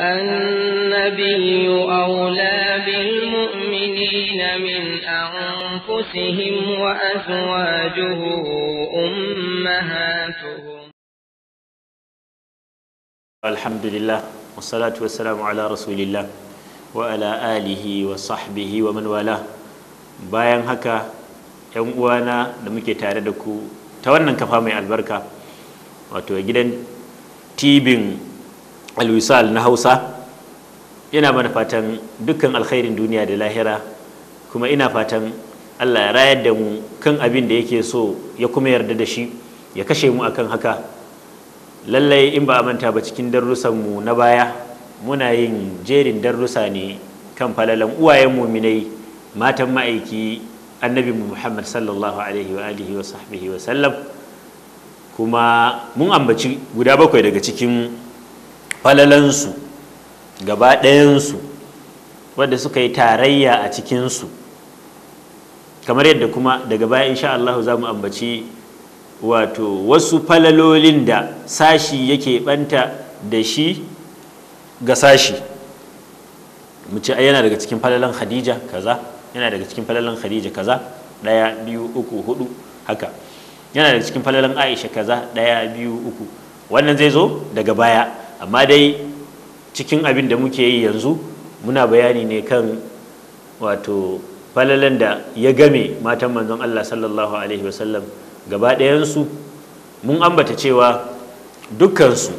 النبي أولى بالمؤمنين من أنفسهم وأزواجه أمهاتهم الحمد لله والصلاة والسلام على رسول الله وعلى آله وصحبه ومن والاه bayan haka ‘yan uwana da muke tare da ku ta wannan kafa mai albarka wato gidan tibin alwisal na hausa ina mana fatan dukkan alkhairin duniya da lahira kuma ina fatan allah ya rayar da mu kan abin da yake so ya kuma yarda da shi ya kashe mu akan haka lallai in ba a manta ba cikin darussanmu na baya muna yin jerin darussa ne kan falalan uwayen muminai matan ma'aiki annabi muhammad sallallahu alaihi wa alihi wa sahbihi wa sallam kuma mun ambaci guda bakwai daga cikin falalansu gaba ɗayansu wadda suka yi tarayya a cikinsu kamar yadda kuma daga baya insha Allah za mu ambaci wato wasu falalolin da sashi yake banta da shi ga sashi mu ce yana daga cikin falalan Khadija kaza yana daga cikin falalan Khadija kaza daya biyu uku hudu haka yana daga cikin falalan Aisha kaza daya biyu uku wannan zai zo daga baya amma dai cikin abin da muke yi yanzu muna bayani ne kan wato falalan da ya game matan manzon Allah sallallahu alaihi wasallam gaba ɗayansu mun ambata cewa dukkansu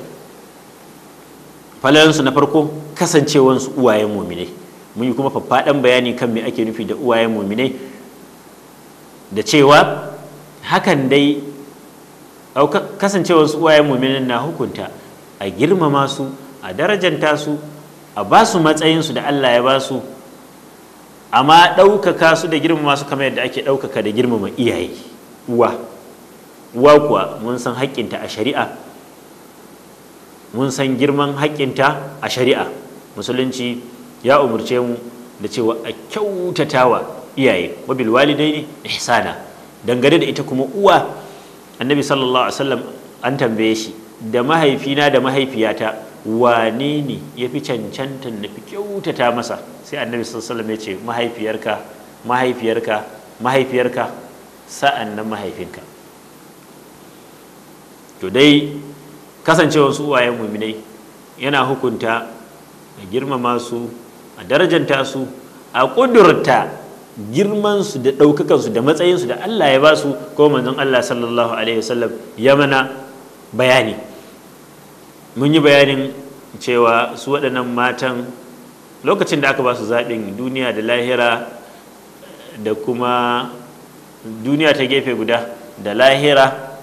falalansu na farko kasancewansu uwayen muminai mun yi kuma faffaɗan bayani kan me ake nufi da uwayen muminai da cewa hakan dai kasancewansu uwayen muminai na hukunta a girmama su a darajanta su a ba su matsayinsu da Allah ya ba su amma ɗaukaka su da girmama su kamar yadda ake ɗaukaka da girmama iyaye uwa uwa kuwa mun san haƙƙinta a shari'a mun san girman haƙƙinta a shari'a musulunci ya umarce mu da cewa a wa iyaye wabil ne ihsana dangane da ita kuma uwa annabi sallallahu alaihi wasallam an tambaye shi da mahaifina da mahaifiyata wane ne ya fi cancanta na fi kyautata masa sai annabi sallallahu ya ce mahaifiyarka mahaifiyarka mahaifiyarka sa'an nan mahaifinka to dai kasancewar su uwayen muminai yana hukunta a girmama su a darajanta su a ƙudurta girmansu da ɗaukakansu da matsayinsu da Allah ya ba su ko manzon Allah sallallahu alaihi wasallam ya mana bayani mun yi bayanin cewa su waɗannan matan lokacin da aka ba su zaɓin duniya da lahira da kuma duniya ta gefe guda da lahira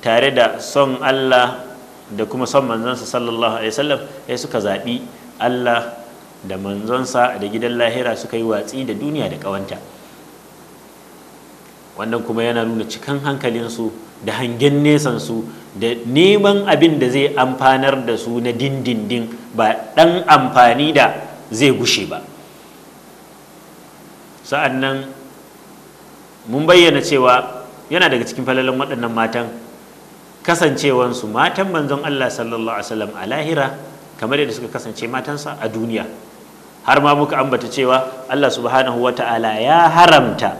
tare da son Allah da kuma son manzansa sallallahu alaihi wasallam sai suka zaɓi Allah da manzonsa da gidan lahira suka yi watsi da duniya da ƙawanta wannan kuma yana nuna cikan hankalinsu da hangen nesansu da neman abin da zai amfanar da su na dindindin ba ɗan amfani da zai gushe ba sa'an nan mun bayyana cewa yana daga cikin falalan waɗannan matan kasancewansu matan manzon Allah sallallahu Alaihi wasallam a lahira kamar yadda suka kasance matansa a duniya har ma muka ambata cewa Allah subhanahu wa ta'ala ya haramta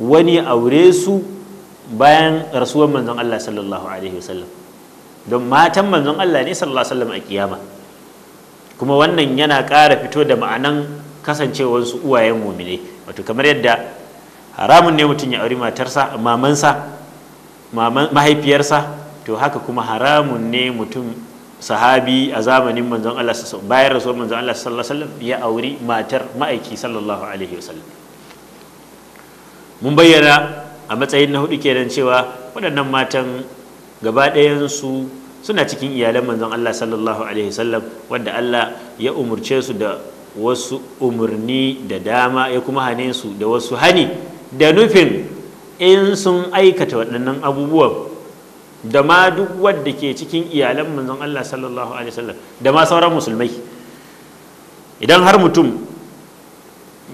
wani aure su bayan rasuwar manzon Allah sallallahu alaihi wasallam don matan manzon Allah ne sallallahu alaihi wasallam a kiyama kuma wannan yana ƙara fito da ma'anan kasancewar su uwayen mumine wato kamar yadda haramun ne mutum ya auri matarsa mamansa mahaifiyarsa to haka kuma haramun ne mutum sahabi a zamanin manzon Allah sallallahu bayan rasuwar manzon Allah sallallahu alaihi wasallam ya auri matar ma'aiki sallallahu alaihi wasallam mun bayyana a matsayin na hudu kenan cewa waɗannan matan gaba ɗayansu suna cikin iyalan manzon Allah sallallahu alaihi wasallam wanda Allah ya umurce su da wasu umurni da dama ya kuma hane su da wasu hani da nufin in sun aikata waɗannan abubuwan da ma duk wadda ke cikin iyalan manzon Allah sallallahu alaihi wasallam da ma sauran musulmai idan har mutum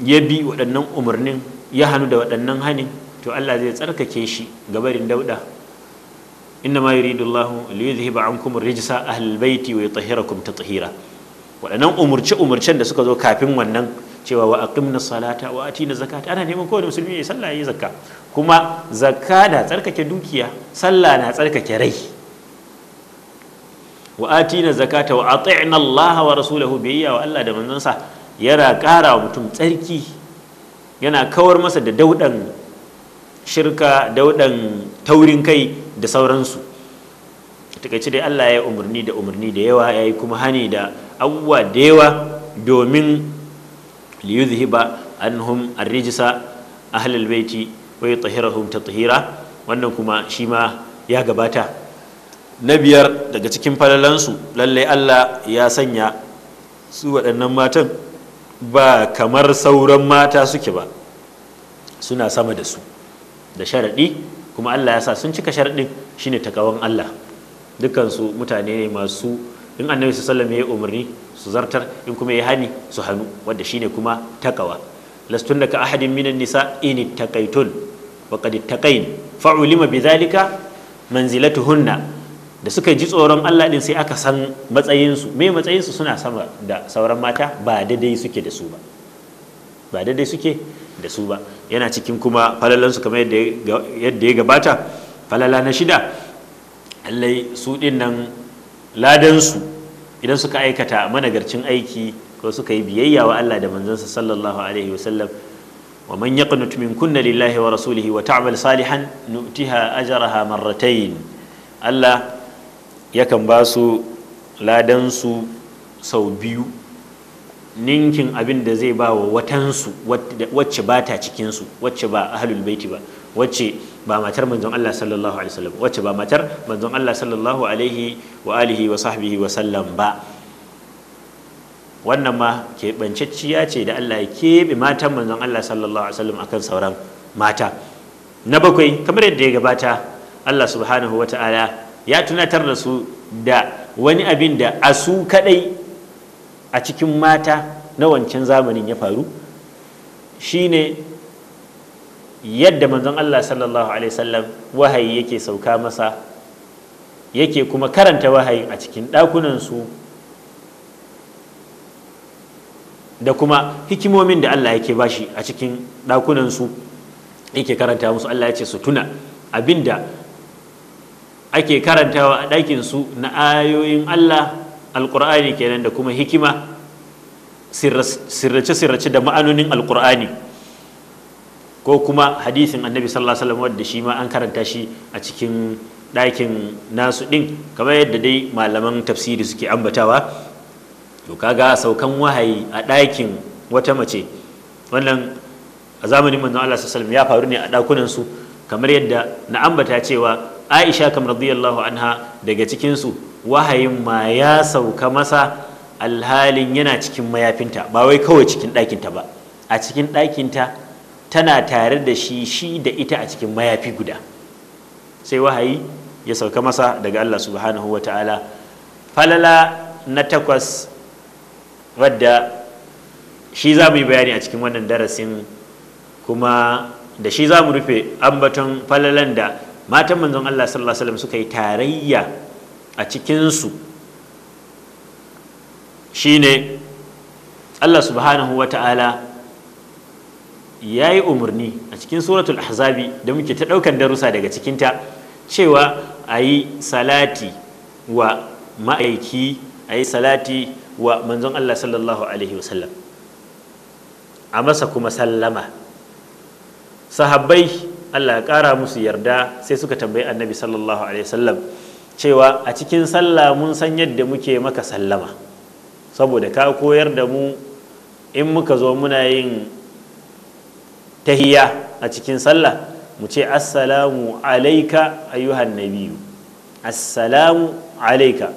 ya bi waɗannan umarnin ya hannu da waɗannan hani. to Allah zai tsarkake shi gabarin dauda inna ma yuridu Allahu li yuzhiba ankum rijsa ahlul baiti wa yutahhirakum tathira waɗannan umurce umurcen da suka zo kafin wannan cewa wa aqimna salata wa atina zakata ana neman kowane musulmi ya sallah ya zakka kuma zakka na tsarkake dukiya sallah na tsarkake rai wa atina zakata wa ati'na Allah wa rasulahu biyya wa Allah da manzansa yana ƙara wa mutum tsarki yana kawar masa da daudan shirka dauɗan taurin kai da sauransu takaice dai Allah ya umarni da umarni da yawa ya yi kuma hani da abubuwa da yawa domin liyuzhiba anhum arrijisa ahlul baiti wa yutahhirahum tathira wannan kuma shi ma ya gabata na biyar daga cikin falalansu lallai Allah ya sanya su waɗannan matan ba kamar sauran mata suke ba suna sama da su da sharaɗi kuma Allah ya sa sun cika sharaɗin shine takawan Allah dukansu mutane ne masu in annabi su sallama ya yi umarni su zartar in kuma ya hani su hannu wanda shine kuma takawa lastun daga ahadin minan nisa ini takaitun wa qad taqain fa'ulima bidhalika manzilatuhunna da suka ji tsoron Allah ɗin sai aka san matsayinsu me matsayinsu suna sama da sauran mata ba daidai suke da su ba ba daidai suke da su ba yana cikin kuma falalansu kamar yadda ya gabata falala na shida allai su ɗin nan ladansu idan suka aikata managarcin aiki ko suka yi biyayya wa Allah da manzansa sallallahu alaihi wasallam wa man yaqnut min kunna lillahi wa rasulihi wa ta'mal salihan nu'tiha ajraha marratayn Allah yakan ba su ladansu sau biyu ninkin abin da zai ba wa watansu wacce ba ta cikinsu wacce ba ahlul baiti ba wacce ba matar manzon Allah sallallahu alaihi wasallam wacce ba matar manzon Allah sallallahu alaihi wa alihi wa sahbihi wa sallam ba wannan ma keɓancacciya ce da Allah ya keɓe matan manzon Allah sallallahu alaihi wasallam akan sauran mata na bakwai kamar yadda ya gabata Allah subhanahu wa ta'ala ya tunatar da su da wani abin da a su kadai a cikin mata na wancan zamanin ya faru shine yadda manzon Allah sallallahu alaihi wasallam wahayi yake sauka masa yake kuma karanta wahayin a cikin ɗakunansu da kuma hikimomin da Allah yake bashi a cikin ɗakunansu yake karanta musu Allah ya ce su tuna abinda ake karantawa a ɗakinsu na ayoyin Allah alƙur'ani kenan da kuma hikima sirrace-sirrace da ma'anonin alƙur'ani ko kuma hadisin annabi sallallahu alaihi wasallam wanda shi ma an karanta shi a cikin ɗakin nasu ɗin kamar yadda dai malaman tafsiri suke ambatawa to kaga saukan wahayi a ɗakin wata mace wannan a zamanin manzon Allah sallallahu alaihi wasallam ya faru ne a ɗakunan su kamar yadda na ambata cewa aisha kam radiyallahu anha daga cikinsu wahayin ma ya sauka masa alhalin yana cikin mayafinta ba wai kawai cikin ɗakinta ba a cikin ɗakinta tana tare da shi shi da ita a cikin mayafi guda sai wahayi ya sauka masa daga allah subhanahu wa ta'ala falala na takwas wadda shi za mu yi bayani a cikin wannan darasin kuma da shi za mu rufe ambaton falalan da matan manzon Allah sallallahu alaihi wasallam suka yi tarayya a cikinsu shine Allah subhanahu wa ta'ala ya yi umarni a cikin suratul ahzabi da muke ta ɗaukan darussa daga cikinta cewa a yi salati wa ma'aiki a yi salati wa manzon Allah sallallahu alaihi wasallam a masa kuma sallama sahabbai Allah ya ƙara musu yarda sai suka tambayi annabi sallallahu alaihi wasallam cewa a cikin sallah mun san yadda muke maka sallama saboda ka koyar da mu in muka zo muna yin tahiya a cikin sallah mu ce assalamu alaika ayyuhan nabiyu assalamu alaika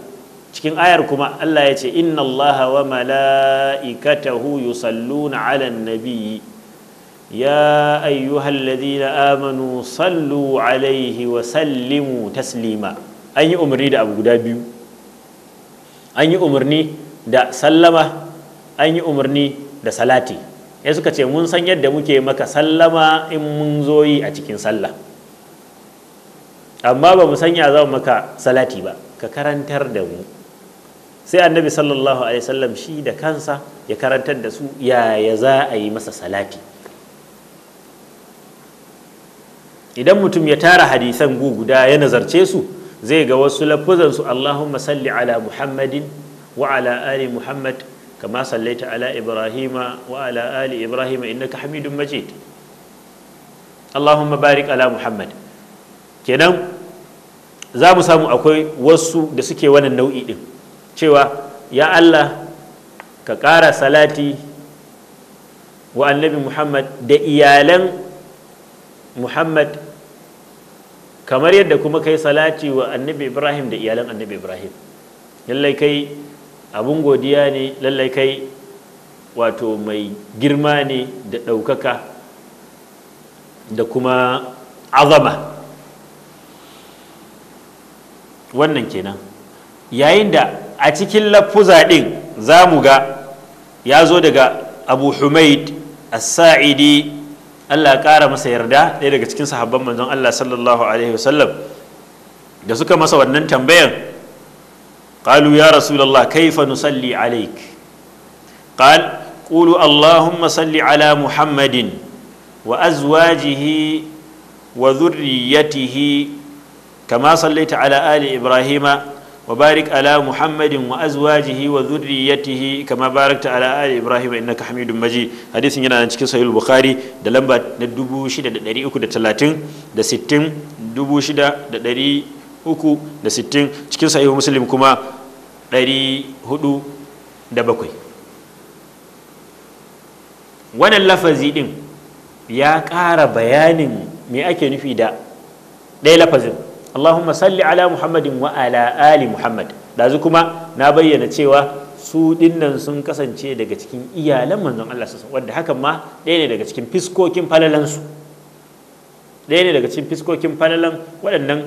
cikin ayar kuma Allah ya ce inna Allah wa mala'ikatahu yusalluna ala nabiyyi يا أيها الذين آمنوا صلوا عليه وسلموا تسليما أن يؤمرني دا أبو دابيو umarni da sallama. سلمة أن يؤمرني دا صلاتي ya suka ce mun san yadda muke maka sallama in mun zo yi a cikin sallah amma ba mu sanya za maka salati ba ka karantar da mu sai annabi sallallahu alaihi wasallam shi da kansa ya karantar da su yaya za a yi masa salati idan mutum ya tara hadisan gu guda ya nazarce su zai ga wasu lafuzan su Allahumma salli ala Muhammadin wa ala ali Muhammad kama sallaita ala Ibrahima wa ala ali Ibrahima innaka Hamidum Majid Allahumma barik ala Muhammad kenan za mu samu akwai wasu da suke wannan nau'i din cewa ya Allah ka ƙara salati wa annabi Muhammad da iyalan muhammad kamar yadda kuma kai salati wa annabi ibrahim da iyalan annabi ibrahim lallai kai abun godiya ne lallai kai wato mai girma ne da ɗaukaka da kuma azama wannan kenan yayin da a cikin lafuza ɗin za ga ya zo daga abu humaid as-sa'idi Allah ƙara masa yarda ɗaya daga cikin sahabban manzon Allah sallallahu alaihi wasallam da suka masa wannan tambayan qalu ya kai kaifa nusalli alaik qal ƙulu allahumma salli ala muhammadin wa azwajihi wa dhurriyyatihi kama sallaita ala ali ibrahima wabarik ala muhammadin wa azwajihi wa zurriya kama baraka ta ala'a ibrahim innaka inna ka hamidu yana da cikin sayul bukari da lamba na da dari uku cikin sayul musulmin kuma dari da bakwai. wanan lafazi din ya ƙara bayanin me ake nufi da daya lafazen. اللهم salli ala Muhammadin wa ala ali Muhammad كما kuma na bayyana cewa su dinnan sun kasance daga cikin iyalan manzon Allah sallallahu wanda hakan ma ɗaya ne daga cikin fiskokin falalan su ɗaya ne daga cikin fiskokin falalan waɗannan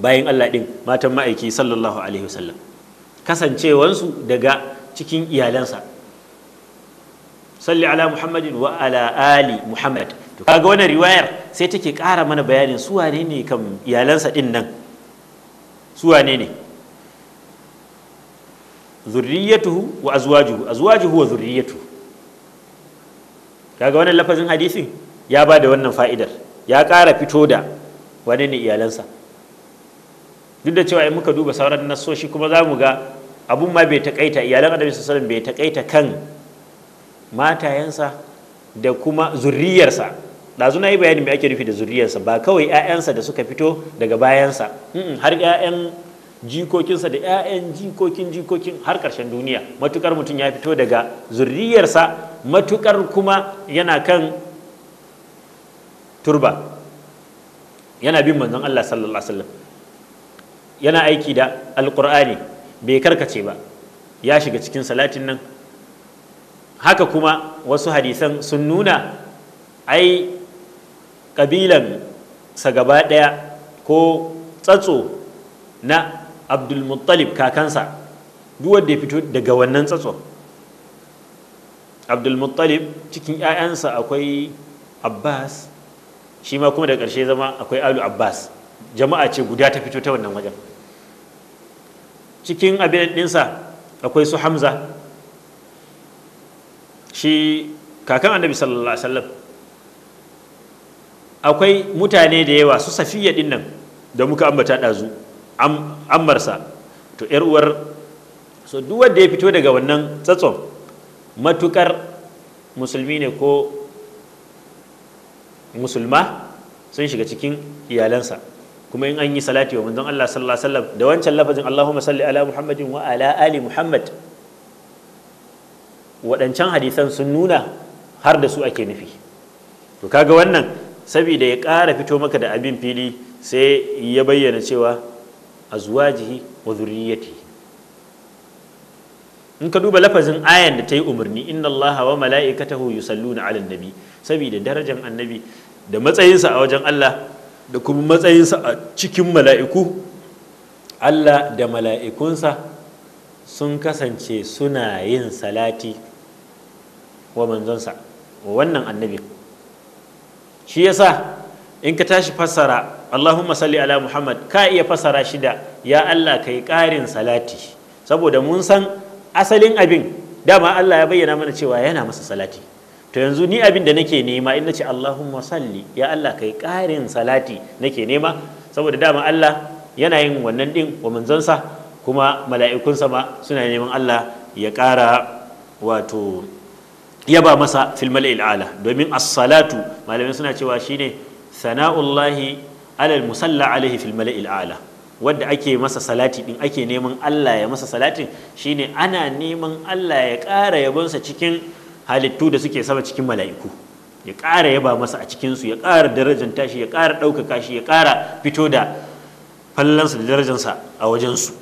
bayan Allah din matan ma'aiki sallallahu alaihi wasallam kasancewansu daga cikin iyalansa salli ala Muhammadin wa ala ali Muhammad to kaga wannan riwayar sai take ƙara mana bayanin su wane ne kan iyalansa ɗin nan su wane ne zurriyatuhu wa azwajuhu azwajuhu wa zurriyatuhu kaga wannan lafazin hadisin ya ba da wannan fa'idar ya ƙara fito da wane ne iyalansa duk da cewa in muka duba sauran nasoshi kuma za mu ga abun ma bai takaita iyalan adabi sallallahu alaihi wasallam bai takaita kan matayensa da kuma zurriyarsa ɗazu na yi bayanin me ake nufi da zuriyarsa ba kawai 'ya'yansa da suka fito daga bayansa har 'ya'yan jikokinsa da 'ya'yan jikokin jikokin har karshen duniya matukar mutum ya fito daga zuriyarsa matukar kuma yana kan turba yana bin manzon Allah sallallahu alaihi wasallam yana aiki da Alƙur'ani bai karkace ba ya shiga cikin salatin nan haka kuma wasu hadisan sun nuna ai ƙabilan sa gaba ɗaya ko tsatso na abdulmuttalib kakansa duk wanda ya fito daga wannan tsatso abdulmuttalib cikin 'ya'yansa akwai abbas shi ma kuma da ƙarshe zama akwai alu abbas jama'a ce guda ta fito ta wannan wajen cikin abinadinsa akwai su hamza shi kakan annabi sallallahu alaihi wasallam akwai mutane da yawa su safiya din nan da muka ambata ɗazu ammarsa to yar uwar so duk wanda ya fito daga wannan tsatson matukar musulmi ne ko musulma sun shiga cikin iyalansa kuma in an yi salati wa manzon Allah sallallahu alaihi wasallam da wancan lafazin Allahumma salli ala Muhammadin wa ala ali Muhammad waɗancan hadisan sun nuna har da su ake nufi to kaga wannan saboda ya ƙara fito maka da abin fili sai ya bayyana cewa a zuwa jihi wa zurriyyati in ka duba lafazin ayan da ta yi umarni inna Allah wa mala'ikatahu yusalluna 'alan nabi saboda darajar annabi da matsayinsa a wajen Allah da kuma matsayinsa a cikin mala'iku Allah da mala'ikunsa sun kasance suna yin salati wa manzonsa wa wannan annabin shi yasa in ka tashi fassara Allahumma salli ala Muhammad ka iya fassara shida, ya Allah kai ƙarin salati saboda mun san asalin abin dama Allah ya bayyana mana cewa yana masa salati to yanzu ni abin da nake nema in nace Allahumma salli ya Allah kai ƙarin salati nake nema saboda dama Allah yana yin wannan din wa manzansa kuma mala'ikunsa ma suna neman Allah ya ƙara wato yaba masa fil mala'il ala domin as-salatu malamai suna cewa shine sana'ullahi alal musalla alaihi fil il'ala ala wanda ake masa salati din ake neman Allah ya masa salatin shine ana neman Allah ya ƙara yabonsa cikin halittu da suke sama cikin mala'iku ya ƙara yaba masa a cikin su ya ƙara darajanta tashi ya ƙara ɗaukaka shi ya ƙara fito da fallansa da darajansa a wajen su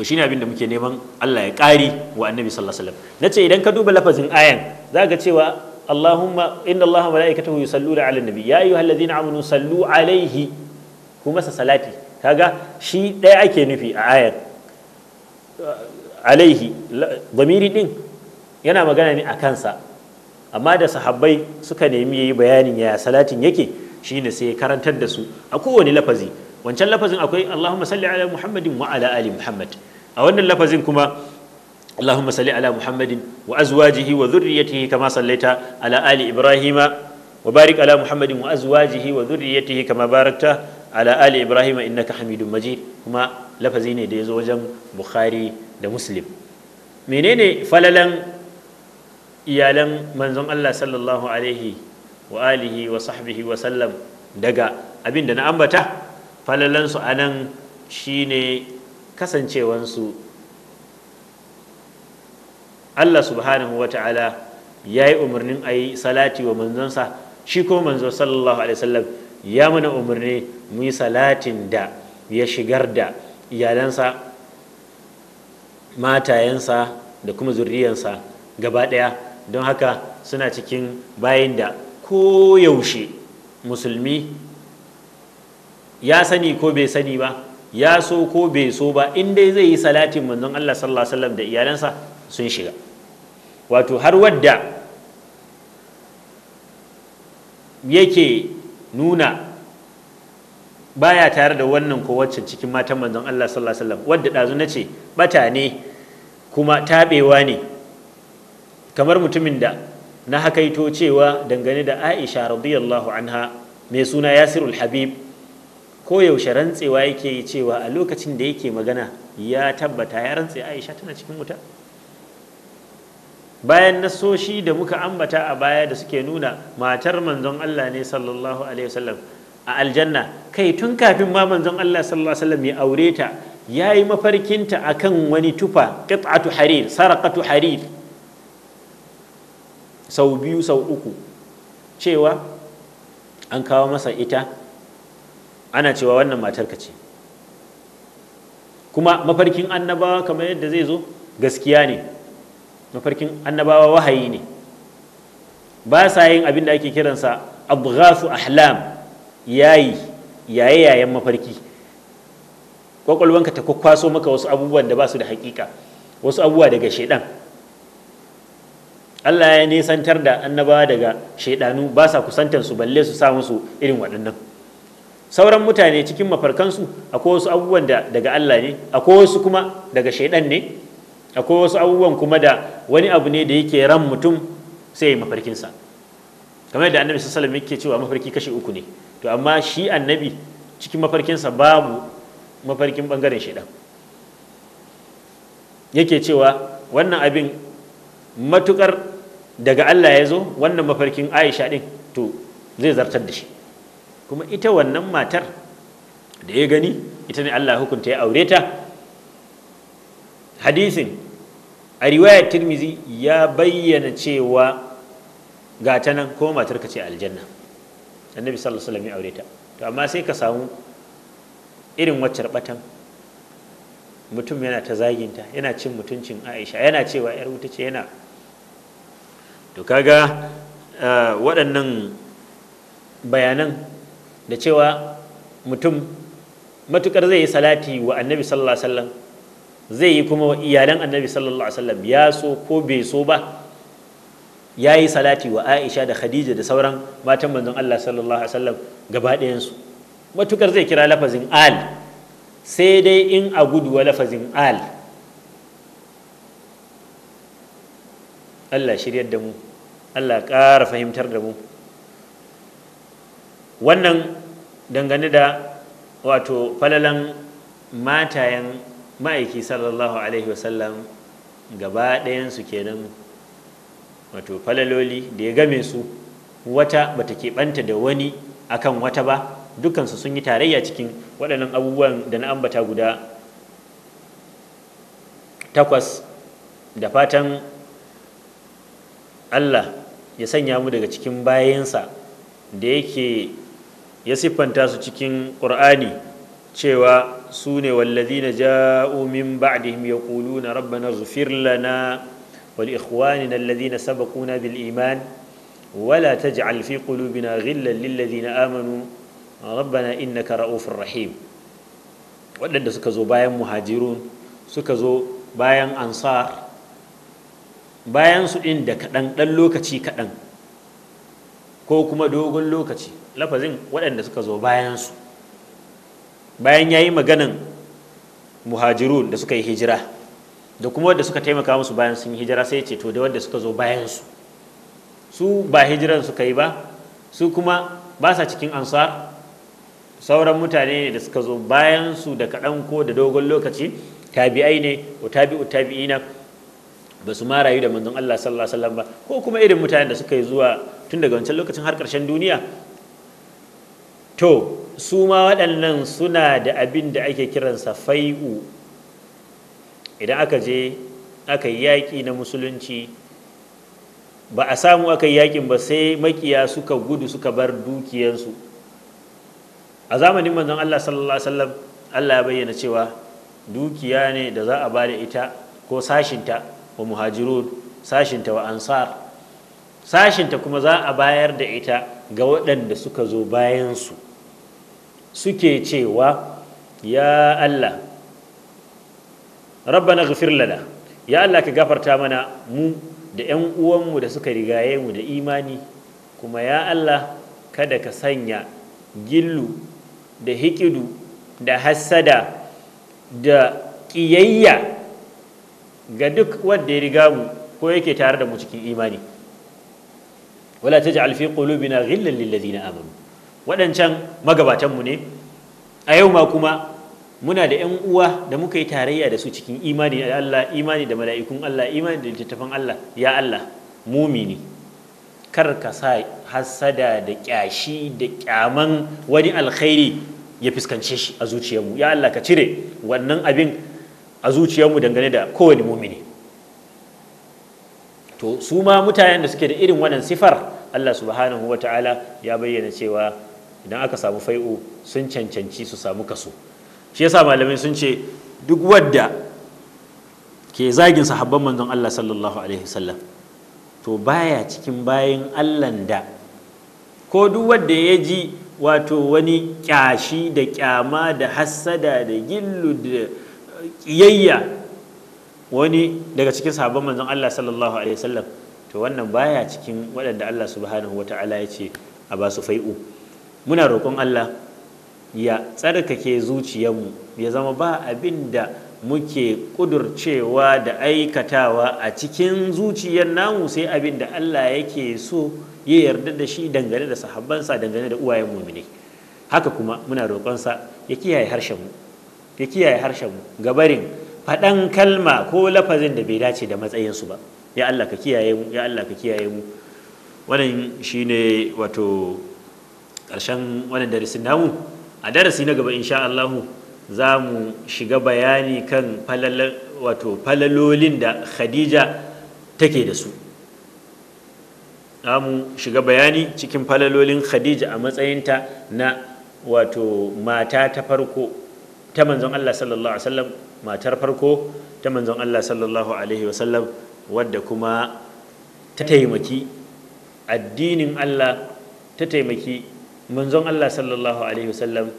to shine abin da muke neman Allah ya ƙari wa annabi sallallahu alaihi wasallam nace idan ka duba lafazin ayan za ga cewa Allahumma inna Allaha malaikatahu yusalluna ala nabi ya ayyuhal ladzina amanu sallu alaihi kuma sa salati kaga shi ɗaya ake nufi a ayan alaihi zamiri din yana magana ne a kansa amma da sahabbai suka nemi yayi bayanin ya salatin yake shine sai karantar da su a kowane lafazi wancan lafazin akwai Allahumma salli ala Muhammadin wa ala ali Muhammad a wannan lafazin kuma Allahumma salli ala Muhammadin wa azwajihi wa dhurriyyatihi kama sallaita ala ali Ibrahima wa barik ala Muhammadin wa azwajihi wa dhurriyyatihi kama barakta ala ali Ibrahima innaka Hamidum Majid kuma lafazi ne da yazo wajen Bukhari da Muslim menene falalan iyalan manzon Allah sallallahu alaihi wa alihi wa sahbihi wa sallam daga abinda na ambata falalan su anan shine kasancewansu Allah subhanahu wa ta'ala ya yi umarnin a yi salati wa manzonsa shi ko manzo sallallahu alaihi wasallam ya mana umarni mu yi salatin da ya shigar da iyalansa matayensa da kuma zurriyansa gaba ɗaya don haka suna cikin bayan da ko yaushe musulmi ya sani ko bai sani ba ya so ko bai so ba in dai zai yi salatin manzon Allah sallallahu alaihi wasallam da iyalansa sun shiga wato har wadda yake nuna baya tare da wannan ko waccan cikin matan manzon Allah sallallahu alaihi wasallam wadda dazu nace bata ne kuma taɓewa ne kamar mutumin da na hakaito cewa dangane da Aisha radiyallahu anha mai suna Yasirul Habib ko yaushe rantsewa yake yi cewa a lokacin da yake magana ya tabbata ya rantse aisha tana cikin wuta bayan nasoshi da muka ambata a baya da suke nuna matar manzon Allah ne sallallahu alaihi wasallam a aljanna kai tun kafin ma manzon Allah sallallahu alaihi wasallam ya aure ta yayi mafarkinta akan wani tufa qit'atu harir sarqatu harir sau biyu sau uku cewa an kawo masa ita ana cewa wannan matarka ce kuma mafarkin annabawa kamar yadda zai zo gaskiya ne mafarkin annabawa wahayi ne ba sa yin abin da ake kiransa abghasu ahlam yayi yaye yayen mafarki kwakwalwanka ta kwakwaso maka wasu abubuwan da ba su da hakika wasu abubuwa daga shaidan Allah ya nesantar da annabawa daga shaidanu ba sa su balle su sa musu irin waɗannan sauran mutane cikin mafarkansu akwai wasu abubuwan da daga Allah ne akwai wasu kuma daga shaidan ne akwai wasu abubuwan kuma da wani abu ne da yake ran mutum sai mafarkinsa kamar yadda annabi sallallahu alaihi yake cewa mafarki kashi uku ne to amma shi annabi cikin mafarkinsa babu mafarkin bangaren shaidan yake cewa wannan abin matukar daga Allah ya zo wannan mafarkin Aisha din to zai zartar da shi kuma ita wannan matar da ya gani ita ne Allah hukunta ya aure ta hadisin a riwayar tirmizi ya bayyana cewa ga ta nan ko matar ka ce aljanna annabi sallallahu alaihi wasallam ya aure ta to amma sai ka samu irin waccar batan mutum yana ta zaginta yana cin mutuncin aisha yana cewa yar wuta ce yana to kaga eh, waɗannan bayanan da cewa mutum matukar zai yi salati wa annabi sallallahu alaihi wasallam zai yi kuma iyalan annabi sallallahu alaihi wasallam ya so ko bai so ba ya yi salati wa aisha da khadija da sauran matan manzon allah sallallahu alaihi wasallam gaba ɗayansu matukar zai kira lafazin al sai dai in a gudu wa lafazin al allah shiryar da mu allah ƙara fahimtar da mu wannan dangane da wato falalan matayen ma'aiki sallallahu alaihi wasallam gaba ɗayansu kenan wato falaloli da ya game su wata bata keɓanta da wani akan wata ba dukansu sun yi tarayya cikin waɗannan abubuwan da na ambata guda takwas da fatan Allah ya sanya mu daga cikin bayansa da yake ya siffanta su cikin ƙur'ani cewa su ne wallazina ja'u min ba'dihim yaquluna rabbana ighfir lana wa li ikhwanina alladhina sabaquna bil iman ولا تجعل في قلوبنا غلا للذين آمنوا ربنا ka رؤوف رحيم waɗanda suka zo bayan muhajirun suka zo bayan ansar bayan su ɗin da kaɗan ɗan lokaci kaɗan ko kuma dogon lokaci lafazin waɗanda suka zo bayansu bayan ya yi maganan muhajiru da suka yi hijira da kuma wadda suka taimaka musu bayan sun hijira sai ce to da wadda suka zo bayansu su ba hijiran suka yi ba su kuma ba sa cikin ansar sauran mutane ne da suka zo bayansu da kaɗan ko da dogon lokaci tabi'ai ne ko tabi'u tabi'ina ba su ma rayu da manzon Allah sallallahu alaihi wasallam ba ko kuma irin mutanen da suka yi zuwa tun daga wancan lokacin har ƙarshen duniya to su ma waɗannan suna da abin da ake kiransa fai'u idan aka je aka yi yaƙi na musulunci ba a samu aka yi yaƙin ba sai makiya suka gudu suka bar dukiyansu a zamanin manzon Allah sallallahu alaihi wasallam Allah ya bayyana cewa dukiya ne da za a ba da ita ko sashinta wa muhajirun sashinta wa ansar sashinta kuma za a bayar da ita ga waɗanda suka zo bayansu su suke cewa ya Allah rabbana gafir lana ya Allah ka gafarta mana mu da yan uwanmu da suka rigaye mu da imani kuma ya Allah kada ka sanya gillu da hikidu da hassada da ƙiyayya ga duk wanda ya riga mu ko yake tare da mu cikin imani wala ta taj'al fi qulubina ghillan lillazi na amanu waɗancan magabatanmu ne a yau ma kuma muna da 'yan uwa da muka yi tarayya da su cikin imani da Allah imani da mala'ikun Allah imani da littattafan Allah ya Allah mumini kar ka sa hasada da kyashi da kyaman wani alkhairi ya fuskance shi a zuciyarmu ya Allah ka cire wannan abin a zuciyarmu dangane da kowane mumini to su ma mutanen da suke da irin wannan sifar Allah subhanahu wa ta'ala ya bayyana cewa idan aka samu fai'u sun cancanci su samu kaso shi yasa malamai sun ce duk wadda ke zagin sahabban manzon Allah sallallahu alaihi wasallam to baya cikin bayin Allah da ko duk wadda ya ji wato wani kyashi da kyama da hassada da gillu da kiyayya wani daga cikin sahabban manzon Allah sallallahu alaihi wasallam to wannan baya cikin waɗanda Allah subhanahu wata'ala ya ce a ba su fai'u muna roƙon Allah ya tsarkake zuciyarmu ya zama ba abin da muke ƙudurcewa da aikatawa a cikin zuciyar namu sai abin da Allah yake so ya yarda da shi dangane da sahabbansa dangane da uwayen mumini haka kuma muna roƙonsa ya kiyaye harshenmu ya kiyaye harshenmu gabarin faɗan kalma ko lafazin da bai dace da matsayinsu ba ya Allah ka kiyaye mu ya Allah ka kiyaye mu wannan shine wato ƙarshen wannan darasin namu a darasi na gaba insha Allahu za mu shiga bayani kan wato falalolin da Khadija take da su za mu shiga bayani cikin falalolin Khadija a matsayinta na wato mata ta farko ta manzon Allah sallallahu alaihi wasallam matar farko ta manzon Allah sallallahu alaihi wasallam wadda kuma ta taimaki addinin Allah ta taimaki manzon Allah sallallahu alaihi wasallam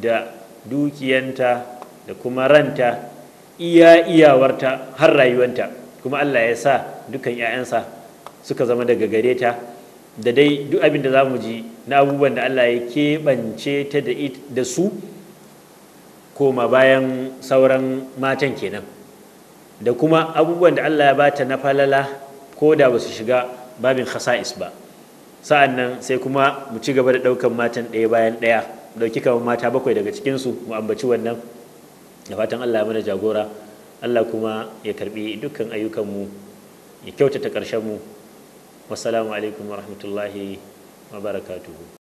da dukiyanta da kuma ranta iya iyawarta har rayuwanta kuma Allah ya sa dukan 'ya'yansa suka zama daga gare ta da dai duk abin da za mu ji na abubuwan da Allah ya keɓance ta da su koma bayan sauran matan kenan da kuma abubuwan da Allah ya bata na falala ko da ba su shiga babin khasa'is ba sa'an nan sai kuma mu ci gaba da ɗaukan matan ɗaya bayan ɗaya ɗauki kamar mata bakwai daga cikinsu mu ambaci wannan da fatan allah mana jagora allah kuma ya karbi dukkan ayyukanmu ya kyautata ƙarshenmu wasalamu alaikum wa rahmatullahi wa barakatuhu